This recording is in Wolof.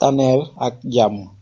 taneel ak jàmm